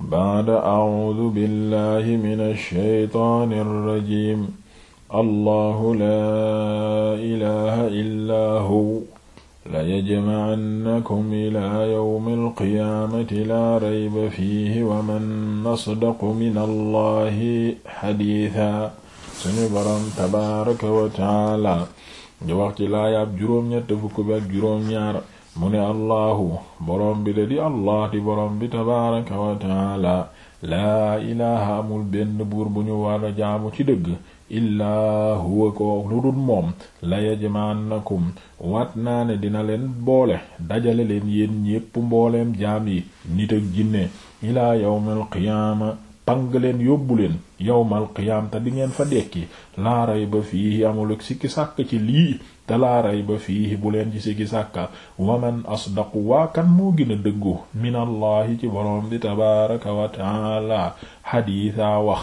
baada acuudu billahi min alsheytaani alrajim allahu laa ilaha illaa hu layajmacannakum ilaa yowmi alqiyaamati laa rayba fiihi wa man asdaqu min allahi xadiisaa suñu boroom tabaaraka wa tacaala di wax ci laayaab juróom-ñett fukk ak juróom-ñaar mu ne allahu boroom bi la di allah di boroom bi tabaaraka wa laa ilaha amul benn buur bu ñu wala jaamu ci dëgg illaa huwa ko lu dul moom la yajmaannakum waat naa ne dina leen boole dajale leen yéen ñépp mbooleem jaam yi nit ak jinne ilaa yawmal qiyaama pang leen yóbbu leen yawmal qiyaam te di ngeen fa dekki laaray ba fii amul sikki sàkk ci lii te laa ba fii bu leen ci sigi sàkka waman asdaqu waa kan moo gën a dëggu minallahi ci borom bi tabaraka wa taala xadiisaa wax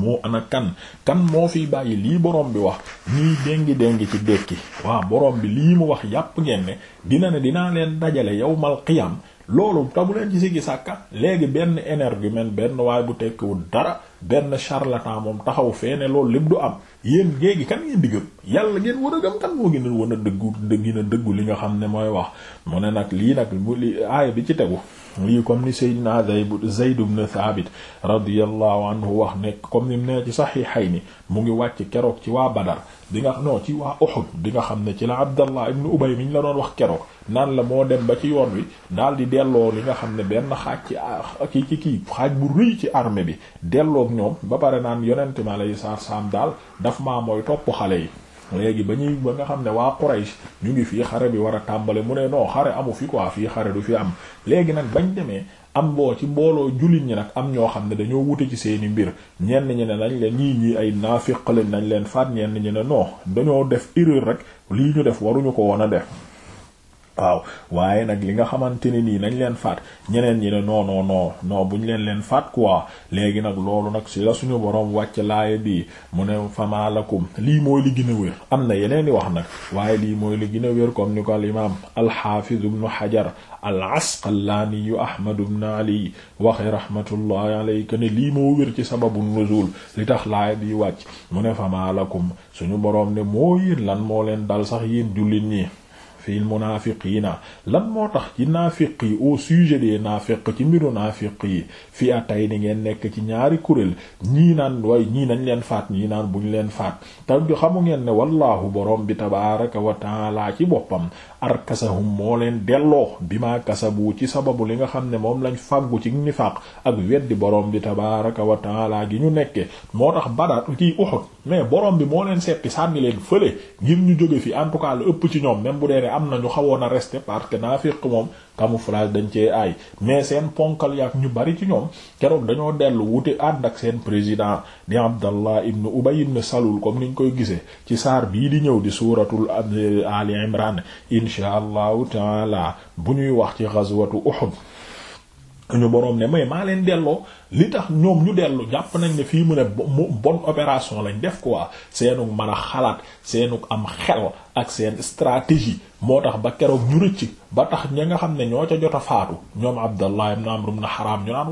moo ana kan kan moo fiy bàyyi lii borom bi wax nii déngi déngi ci dékki waaw borom bi lii mu wax yàpp ngeen ne dina ne dinaa leen dajale yawmal qiyam loolu te bu leen ci siggi sàkka léegi benn énergumène benn waay bu tekkiwul dara benn charlatan moom taxaw fee ne loolu lépp du am yéen léegi kan ngeen di gëm yàlla ngeen war a gëm kan moo gën a dëggu gën dëggu li nga xam ne mooy wax mu ne nag lii nag mu li aaya bi ci tegu lii comme ni na Seydina Zayd ibn Thabit radiyallahu anhu wax nekk comme ni mu ne ci saxiixayni mu ngi wàcc keroog ci waa Badar di nga non ci waa Uhud di nga xam ne ci la Abdallah ibn Ubay mi ñu la doon wax keroog naan la moo dem ba ci yoon wi daal di delloo li nga xam ne benn xaaj ci ah, ki ci kii xaaj bu rëy ci armée bi dellook ñoom ba pare naan yonent ma lay saar saam daal daf maa mooy topp xale yi léegi ba ñuy ba nga xam ne waa Quraysh ñu ngi fii xare bi war a tàmbale mu ne non xare amu fi quoi fii xare du fi am léegi nag bañ demee am boo ci mbooloo jullit ñi nag am ñoo xam ne dañoo wute ci seeni mbir ñenn ñi ne nañ leen ñii ñii ay naafiq lañ nañ leen faat ñenn ñi ne non dañoo def erreur rek lii ñu def waruñu ko woon a def waaw waaye nag li nga xamante ne nii nañ leen faat ñeneen ñi ne non non non non buñ leen leen faat quoi léegi nag loolu nag ci la suñu borom wàcc laaya bi mu ne fama lii mooy li gën a wér am na yeneen i wax nag waaye lii mooy li gën a wér comme ni ko al imaam alxaafiz ibnu hajar al asqalaani yu ahmad ibnu waxe rahmatullahi alayka ne lii moo wér ci sababu nuzul li tax laaya bi wàcc mu ne fama suñu borom ne moo yéen lan moo leen dal sax yéen jullit ñi fii munaafiqiina lan moo tax ci naafiq yi au sujet des naafiq ci mbiru naafiq yi fii atay di ngeen nekk ci ñaari kuréel ñii naan waaye ñii nañ leen faat ñii naan buñ leen faat te xamu ngeen ne wallaahu borom bi tabaaraka wa taala ci boppam arkasahum moo leen delloo bimaa kasabu ci sababu li nga xam ne moom lañ fàggu ci nifaaq ak weddi borom bi tabaaraka wa taala gi ñu nekke moo tax Badar kii Uhud mais borom bi moo leen seppi sànni leen fële ngir ñu jóge fi en tout cas lu ëpp am na ñu xawoon a rester parce que naafiq moom camouflage dañ cee aay mais seen ponkal yaak ñu bari ci ñoom keroog dañoo dellu wuti ànd ak seen président di Abdallah ibn Ubay ibn Salul ni ñu koy gisee ci saar bii di ñëw di suuratul Ali Imran insha allahu taala bu ñuy wax ci ghazwatu Uhud ñu boroom ne may maa leen delloo li tax ñoom ñu dellu jàpp nañ ne fii mu ne bonne opération lañ def quoi seenug mën a xalaat seenug am xel ak seen stratégie moo tax ba keroog ñu rëcc ba tax ña nga xam ne ñoo ca jot a faatu ñoom Abdallah ibn Amr ibn xaraam ñu naan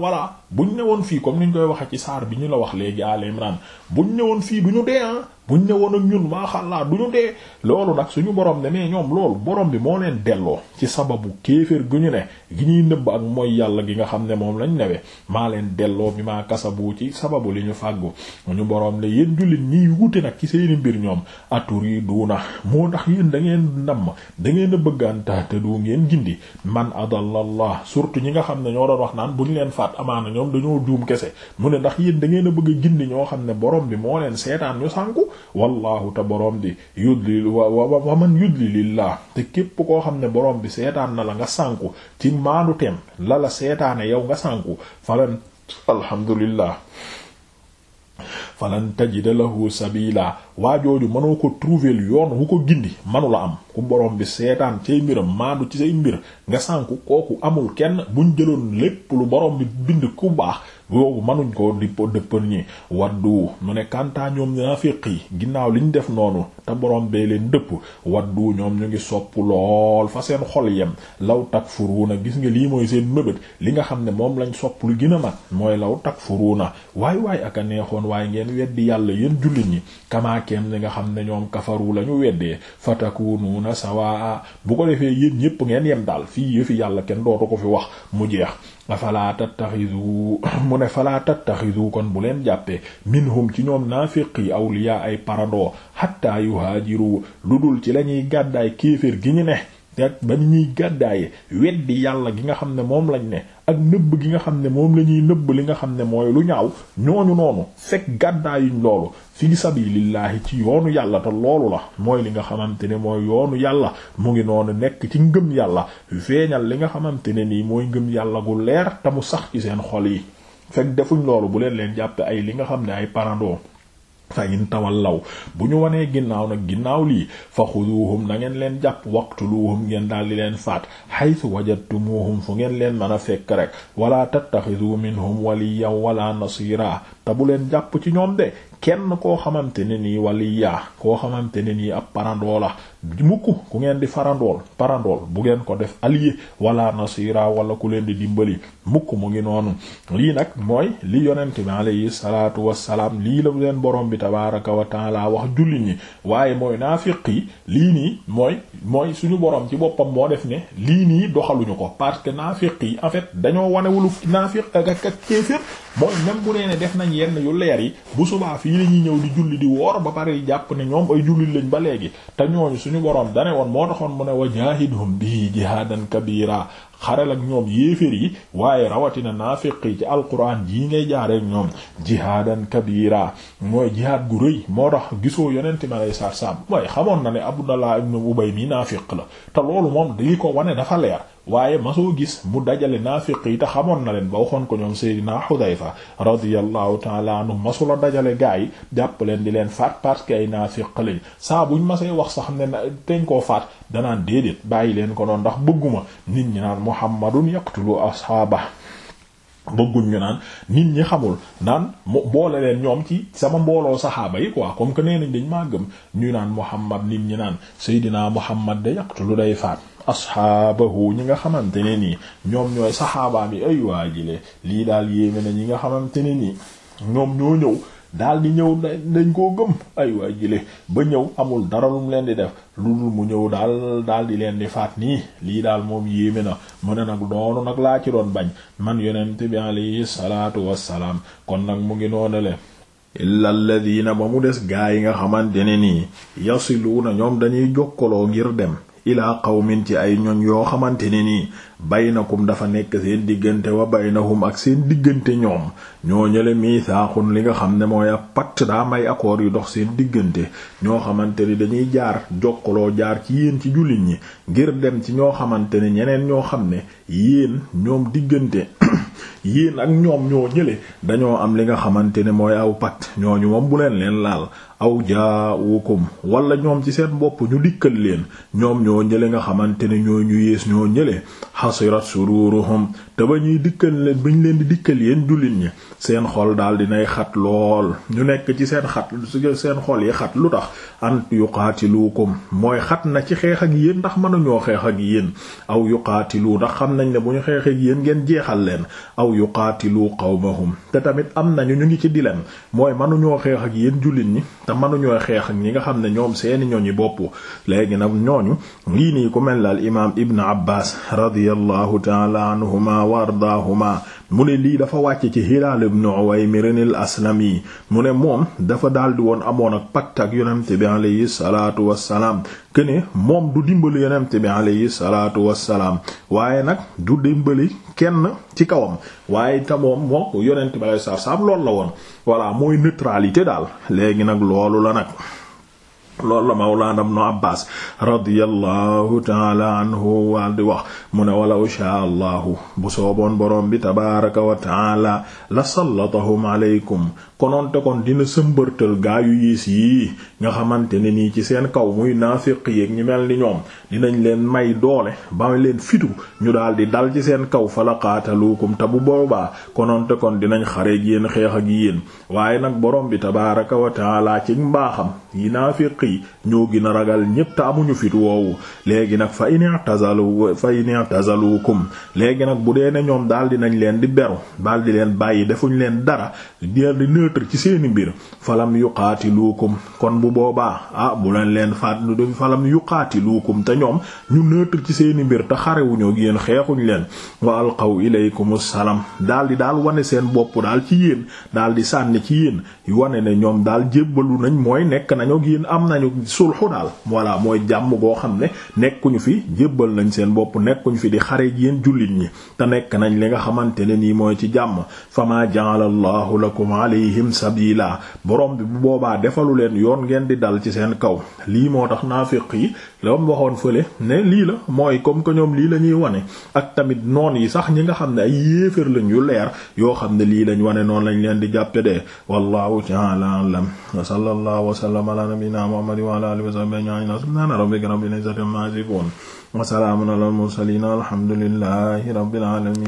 bu ñu ñëwoon fii comme ñu koy waxee ci saar bi ñu la wax léegi Al bu buñ ñëwoon fii du ñu dee ah buñ ñëwoon ak ñun maaxallaa du ñu dee loolu nag suñu borom ne mais ñoom loolu borom bi moo leen delloo ci sababu kéeféer gu ñu ne gi ñuy nëbb ak mooy yàlla gi nga xam ne moom lañ newee maa leen delloo bi maa kasabu ci sababu li ñu fàggu ñu borom ne yéen jullit ñiy wuute nag ci seeni mbir ñoom aturi duuna moo tax yéen da ngeen namm da ngeen a bëggantaa te du ngeen gindi man adallallah surtout ñi nga xam ne ñoo doon wax naan bu ñu leen faat amaana ñoom dañoo juum kese mu ne ndax yéen da ngeen a bëgg a gindi ñoo xam ne borom bi moo leen seetaan ñu sànku wallahu te borom bi yudlil wa wa man yudlilillah te képp koo xam ne borom bi seetaan na la nga sànku ci maanu teem la la seetaane yow nga sànku falan alhamdulillah falan tajida lahu sabila waa jooju mënoo ko trouver yoon wu ko gindi manula am ku borom bi seetaan cay mbiram maandu ci say mbir nga sànku kooku amul kenn buñ jëloon lépp lu borom bi bind ku baax woowu manuñ ko di dëppal ñi waddu mu ne kantaa ñoom naafiq yi ginnaaw liñ def noonu te borom bee leen dëpp waddu ñoom ñu ngi sopp lool fa seen xol yem law takfuruuna gis nga lii mooy seen mëbët li nga xam ne moom lañ sopp lu gën a mag mooy law takfuruuna waay waay ak a neexoon waaye ngeen weddi yàlla yéen jullit ñi kamaakeem li nga xam ne ñoom kafaru la ñu weddee fatakunuuna sawaa bu ko defee yéen ñépp ngeen yem daal fii fi yàlla kenn dootu ko fi wax mu jeex afala tattaxidu mu ne fala tattaxidu kon bu leen jàppee minhum ci ñoom naafiq yi awliya ay parando hatta yuhaajiru lu dul ci lañuy gàddaay kéeféer gi ñu ne ak ba ñuy gàddaaye weddi yàlla gi nga xam ne moom lañ ne ak nëbb gi nga xam ne moom la ñuy nëbb li nga xam ne mooy lu ñaaw ñooñu noonu fekk gàddaayuñ loolu fi sabilillahi ci yoonu yàlla te loolu la mooy li nga xamante ne mooy yoonu yàlla mu ngi noonu nekk ci ngëm yàlla feeñal li nga xamante ne nii mooy ngëm yàlla gu leer te mu sax ci seen xol yi fekk defuñ loolu bu leen leen jàpp ay li nga xam ne ay parando fa in tawallaw bu ñu wanee ginnaaw nag ginnaaw lii fa xuduuhum na ngeen leen jàpp waqtuluuhum ngeen daal di leen faat xaytu wajadtumuuhum fu ngeen leen mën a fekk rek wala tattaxidu minhum waliyan wala nasira te bu leen jàpp ci ñoom de kenn koo xamante ne nii wali koo xamante ne nii ab parandool la mukk ku ngeen di farandool parandool bu ngeen ko def allié wala nasira wala ku leen di dimbali mukk mu ngi noonu lii nag mooy li yonent bi alayhi salaatu wassalaam lii la leen borom bi tabaraka wa taala wax julli ñi waaye mooy naafiq yi lii nii mooy mooy suñu borom ci boppam moo def ne lii nii doxaluñu ko parce que naafiq yi en dañoo wanewulu naafiq ak ak kéefër mooy même bu def nañ yenn yu leer yi lii la ñëw di julli di woor ba pare jàpp ne ñoom ay julli lañ ba léegi te ñooñu suñu boroom dane woon moo taxoon mu ne wa jaahidhum bihi jihaadan kabira xarel ak ñoom yéeféer yi waaye rawatina naafiq yi ci alquran jii ngay jaareek ñoom jihaadan kabira mooy jihaad gu rëy moo tax gisoo yonente ma lay saar sam waaye xamoon na ne abu Abdallah ibn Ubay mi naafiq la te loolu moom di ko wane dafa leer waaye masoo gis mu dajale naafiq yi te xamoon na leen ba waxoon ko ñoom Seydina Xudayfa radiyallahu taala anhu masula dajale gaa yi jàpp leen di leen faat parce que ay naafiq lañ saa buñ masee wax sax ne teñ koo faat danaan déedéet bàyyi leen ko noonu ndax bëgguma nit ñi naan Muhammadun yaqtulu ashaaba bëgguñ ñu naan nit ñi xamul naan mu boole leen ñoom ci sama mbooloo saxaaba yi quoi comme que nee nañ dañ maa gëm ñuy naan Muhammad nit ñi naan Seydina Muhammad da yaqtulu day faat asxaabahu ñi nga xamante ne nii ñoom ñooy saxaabaam yi ay waa jile lii daal yéeme na ñi nga xamante ne nii ñoom ñoo ñëw daal di ñëw dañ koo gëm ay waa jile ba ñëw amul dara lu mu leen di def lu mu ñëw daal daal di leen di faat nii lii daal moom yéeme na mu ne nag noonu nag laa ci doon bañ man yonent bi alayhi salaatu wassalaam kon nag mu ngi noonale illa alladina ba mu des gaa yi nga xamante ne nii na ñoom dañuy jokkaloo ngir dem ilaa qawmin ci ay ñoñ yoo xamante ne nii baynakum dafa nekk seen diggante wa baynahum ak seen diggante ñoom ñoo ñële miisaaxun li nga xam ne mooy ab pacte daa may accord yu dox seen diggante ñoo xamante ni dañuy jaar jokkaloo jaar ci yéen ci jullit ñi ngir dem ci ñoo xamante ne ñeneen ñoo xam ne yéen ñoom diggante yéen ak ñoom ñoo ñële dañoo am li nga xamante ne mooy aw pat ñooñu moom bu leen leen laal aw jaawukum wala ñoom ci seen bopp ñu dikkal leen ñoom ñoo ñële nga xamante ne ñoo ñu yées ñoo ñële xasirat sururuhum te ba ñuy dikkal leen ba ñu leen di dikkal yéen jullit ñi seen xol daal dinay xat lool ñu nekk ci seen xat seen xol yi xat lu tax an yuqaatiluukum mooy xat na ci xeex ak yéen ndax mënuñoo xeex ak yéen aw lu ndax xam nañ ne bu ñu yéen ngeen jeexal leen aw yuqaatilu qawmahum te tamit am nañu ñu ngi ci dilemme mooy mënuñoo xeex ak yéen jullit ñi te mënuñoo xeex ak ñi nga xam ne ñoom seeni ñoñi bopp léegi nag ñooñu lii nii ku mel la al imaam ibn abbas radiyallahu ta'ala anhuma wa ardaahuma mu ne lii dafa wàcce ci Hilaal ibn Uwaymir al-Aslami mu ne moom dafa daldi woon amoon ak pacte ak yonent bi alayhi salaatu wassalaam këne moom du dimbali yonent bi alayhi salaatu wassalaam waaye nag du dimbali kenn ci kawam waaye te moom moo yonent bi alayhi salaatu wassalaam loolu la woon voilà mooy neutralité daal léegi nag loolu la nag loolu la mawlaana ibnu abbaas radiyallahu taala anhu waal di wax mu ne walaw shaa allahu bu sooboon boroom bi tabaaraka wa taala la sallatahum alaykum kononte kon dina sëmbërtal gaa yu yiis yii nga xamante ne nii ci seen kaw muy naafiq yeeg ñu mel ni ñoom dinañ leen may doole ba leen fitu ñu daal di dal ci seen kaw fa la te bu boobaa kononte kon dinañ xareeg yéen xeex ak yéen waaye nag borom bi tabaaraka wa taala ci mbaaxam yi naafiq yi ñoo gën a ragal ñépp amuñu fit woowu léegi nag fa in i'tazalu fa in i'tazalukum léegi nag bu dee ne ñoom daal dinañ leen di beru daal di leen bàyyi defuñ leen dara di neutre ci seeni mbir falam yuqaatiluukum kon bu boobaa ah bu leen leen faat nu def falam yuqaatiluukum te ñoom ñu neutre ci seeni mbir te xarewuñoo yéen xeexuñ leen wa alqaw ilaykumus salaam daal di daal wane seen bopp daal ci yéen daal di sànni ci yéen wane ne ñoom daal jébbalu nañ mooy nekk nañu ak am nañu sulxu daal voilà mooy jàmm goo xam ne nekkuñu fi jébbal nañ seen bopp nekkuñu fi di xare yéen jullit ñi te nekk nañ li nga xamante ne nii mooy ci jàmm fama ja'ala Allahu lakum ilayhim sabila borom bi bu boobaa defalu leen yoon ngeen di dal ci seen kaw lii moo tax naafiq yi loom waxoon fële ne lii la mooy comme que ñoom lii la ñuy wane ak tamit noon yi sax ñi nga xam ne ay yéefér lañ yu leer yoo xam ne lii lañ wane noon lañ leen di jàppe de wallahu ta'ala a'lam wa sallallahu wa sallama ala nabiyyina muhammadin wa ala alihi la sahbihi subhana rabbika rabbil izzati amma yasifun wa salamun ala al mursalin alhamdulillahi